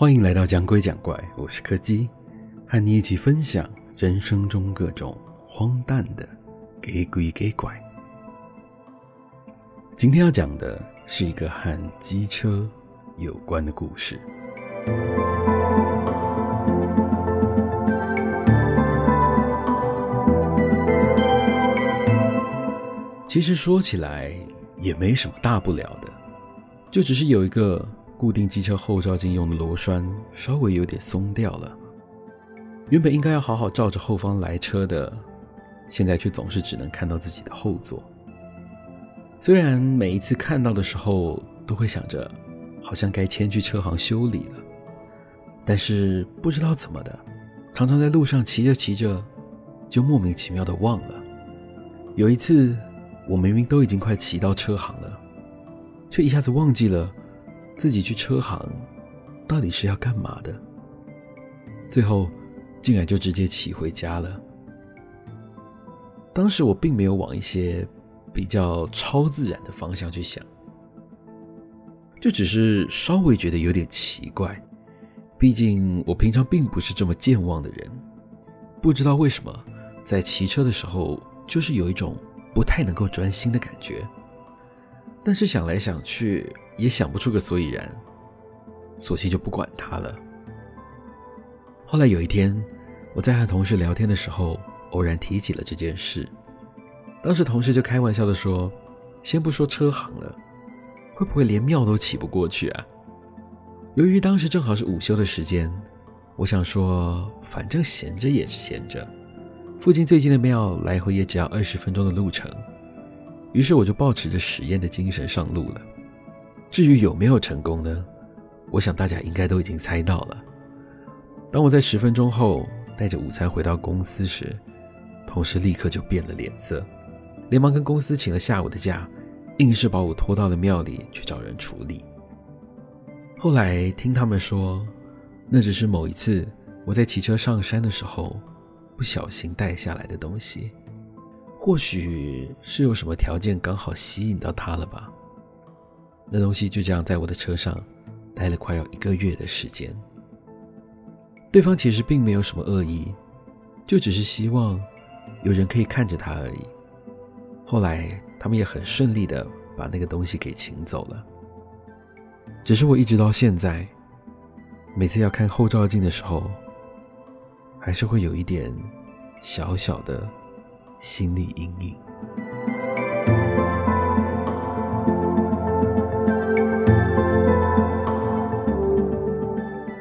歡迎來到講鬼講怪，我是柯基，和你一起分享人生中各種荒誕的假鬼假怪。今天要講的是一個和機車有關的故事。其實說起來也沒什麼大不了的，就只是有一個。固定機車後照鏡用的螺栓稍微有點鬆掉了，原本應該要好好照着後方來車的，現在卻總是只能看到自己的後座。雖然每一次看到的時候都會想着，好像該牽去車行修理了，但是不知道怎麼的，常常在路上騎着騎着，就莫名其妙的忘了。有一次，我明明都已經快騎到車行了，卻一下子忘記了。自己去車行，到底是要幹嘛的？最後，竟然就直接騎回家了。當時我並沒有往一些比較超自然的方向去想，就只是稍微覺得有點奇怪。畢竟我平常並不是這麼健忘的人，不知道為什麼在騎車的時候，就是有一種不太能夠專心的感覺。但是想來想去。也想不出個所以然，索性就不管他了。後來有一天，我在和同事聊天的時候，偶然提起了這件事。當時同事就開玩笑地說：“先不說車行了，會不會連廟都騎不過去啊？”由於當時正好是午休的時間，我想說，反正閒着也是閒着，附近最近的廟來回也只要二十分鐘的路程，於是我就抱持着實驗的精神上路了。至於有沒有成功呢？我想大家應該都已經猜到了。當我在十分鐘後帶着午餐回到公司時，同事立刻就變了臉色，連忙跟公司請了下午的假，硬是把我拖到了廟裡去找人處理。後來聽他們說，那只是某一次我在騎車上山的時候不小心帶下來的東西，或許是有什麼條件剛好吸引到他了吧。那東西就這樣在我的車上待了快要一個月的時間。對方其實並沒有什麼惡意，就只是希望有人可以看着他而已。後來他們也很順利的把那個東西給請走了。只是我一直到現在，每次要看後照鏡的時候，還是會有一點小小的心理陰影。